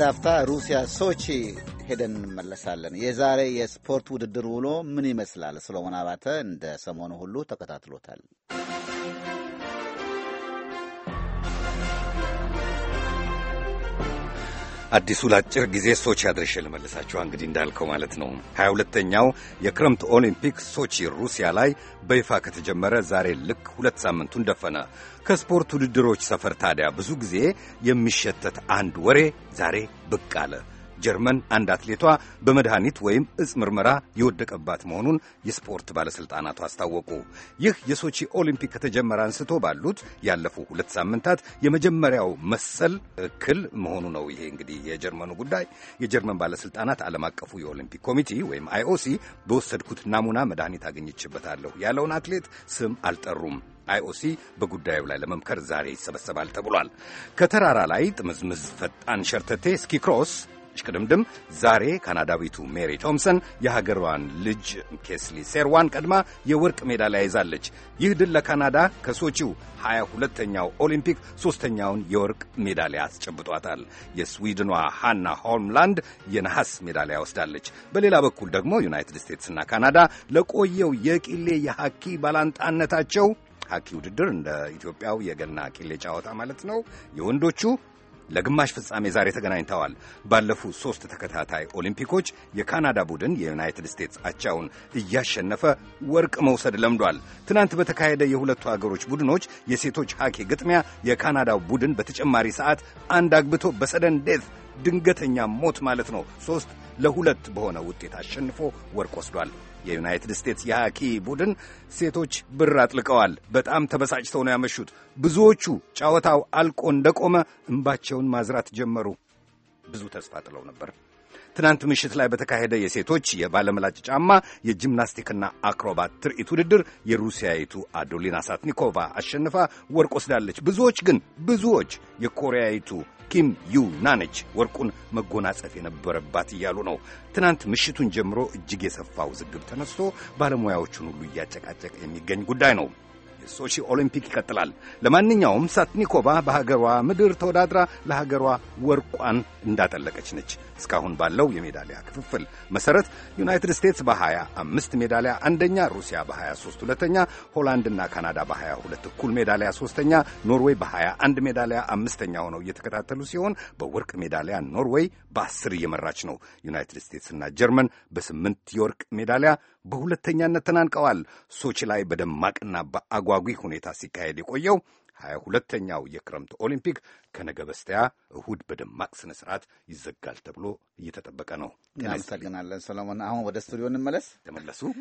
ለአንድ አፍታ ሩሲያ ሶቺ ሄደን እንመለሳለን። የዛሬ የስፖርት ውድድር ውሎ ምን ይመስላል? ሰሎሞን አባተ እንደ ሰሞኑ ሁሉ ተከታትሎታል። አዲሱ ለአጭር ጊዜ ሶቺ አድርሼ ልመልሳችሁ እንግዲህ እንዳልከው ማለት ነው። ሀያ ሁለተኛው የክረምት ኦሊምፒክ ሶቺ ሩሲያ ላይ በይፋ ከተጀመረ ዛሬ ልክ ሁለት ሳምንቱን ደፈነ። ከስፖርት ውድድሮች ሰፈር ታዲያ ብዙ ጊዜ የሚሸተት አንድ ወሬ ዛሬ ብቅ አለ። ጀርመን አንድ አትሌቷ በመድኃኒት ወይም እጽ ምርመራ የወደቀባት መሆኑን የስፖርት ባለሥልጣናቱ አስታወቁ። ይህ የሶቺ ኦሊምፒክ ከተጀመረ አንስቶ ባሉት ያለፉ ሁለት ሳምንታት የመጀመሪያው መሰል እክል መሆኑ ነው። ይሄ እንግዲህ የጀርመኑ ጉዳይ የጀርመን ባለሥልጣናት ዓለም አቀፉ የኦሊምፒክ ኮሚቴ ወይም አይኦሲ በወሰድኩት ናሙና መድኃኒት አገኝችበታለሁ ያለውን አትሌት ስም አልጠሩም። አይኦሲ በጉዳዩ ላይ ለመምከር ዛሬ ይሰበሰባል ተብሏል። ከተራራ ላይ ጥምዝምዝ፣ ፈጣን ሸርተቴ፣ ስኪ ክሮስ እሽቅድምድም ዛሬ ካናዳዊቱ ሜሪ ቶምሰን የሀገሯን ልጅ ኬስሊ ሴርዋን ቀድማ የወርቅ ሜዳሊያ ይዛለች። ይህ ድል ለካናዳ ከሶቺው 22ኛው ኦሊምፒክ ሦስተኛውን የወርቅ ሜዳሊያ አስጨብጧታል። የስዊድኗ ሃና ሆምላንድ የነሐስ ሜዳሊያ ወስዳለች። በሌላ በኩል ደግሞ ዩናይትድ ስቴትስና ካናዳ ለቆየው የቂሌ የሐኪ ባላንጣነታቸው ሐኪ ውድድር እንደ ኢትዮጵያው የገና ቂሌ ጨዋታ ማለት ነው የወንዶቹ ለግማሽ ፍጻሜ ዛሬ ተገናኝተዋል። ባለፉ ሦስት ተከታታይ ኦሊምፒኮች የካናዳ ቡድን የዩናይትድ ስቴትስ አቻውን እያሸነፈ ወርቅ መውሰድ ለምዷል። ትናንት በተካሄደ የሁለቱ አገሮች ቡድኖች የሴቶች ሐኪ ግጥሚያ የካናዳው ቡድን በተጨማሪ ሰዓት አንድ አግብቶ በሰደን ዴት ድንገተኛ ሞት ማለት ነው ሶስት ለሁለት በሆነ ውጤት አሸንፎ ወርቅ ወስዷል። የዩናይትድ ስቴትስ የሐኪ ቡድን ሴቶች ብር አጥልቀዋል። በጣም ተበሳጭተው ነው ያመሹት። ብዙዎቹ ጨዋታው አልቆ እንደቆመ እምባቸውን ማዝራት ጀመሩ። ብዙ ተስፋ ጥለው ነበር። ትናንት ምሽት ላይ በተካሄደ የሴቶች የባለመላጭ ጫማ የጂምናስቲክና አክሮባት ትርኢት ውድድር የሩሲያዊቱ አዶሊና ሳትኒኮቫ አሸንፋ ወርቅ ወስዳለች። ብዙዎች ግን ብዙዎች የኮሪያዊቱ ኪም ዩ ናነች ወርቁን መጎናጸፍ የነበረባት እያሉ ነው። ትናንት ምሽቱን ጀምሮ እጅግ የሰፋ ውዝግብ ተነስቶ ባለሙያዎቹን ሁሉ እያጨቃጨቀ የሚገኝ ጉዳይ ነው። የሶቺ ኦሊምፒክ ይቀጥላል። ለማንኛውም ሳትኒኮቫ በሀገሯ ምድር ተወዳድራ ለሀገሯ ወርቋን እንዳጠለቀች ነች። እስካሁን ባለው የሜዳሊያ ክፍፍል መሰረት ዩናይትድ ስቴትስ በ25 ሜዳሊያ አንደኛ፣ ሩሲያ በ23 ሁለተኛ፣ ሆላንድና ካናዳ በ22 እኩል ሜዳሊያ ሶስተኛ፣ ኖርዌይ በ21 ሜዳሊያ አምስተኛ ሆነው እየተከታተሉ ሲሆን በወርቅ ሜዳሊያ ኖርዌይ በ10 እየመራች ነው። ዩናይትድ ስቴትስና ጀርመን በስምንት የወርቅ ሜዳሊያ በሁለተኛነት ተናንቀዋል። ሶቺ ላይ በደማቅና በአጓ በአጓጊ ሁኔታ ሲካሄድ የቆየው ሀያ ሁለተኛው የክረምት ኦሊምፒክ ከነገ በስቲያ እሁድ በደማቅ ስነ ስርዓት ይዘጋል ተብሎ እየተጠበቀ ነው። እናመሰግናለን ሰለሞን። አሁን ወደ ስቱዲዮ እንመለስ። ተመለሱ።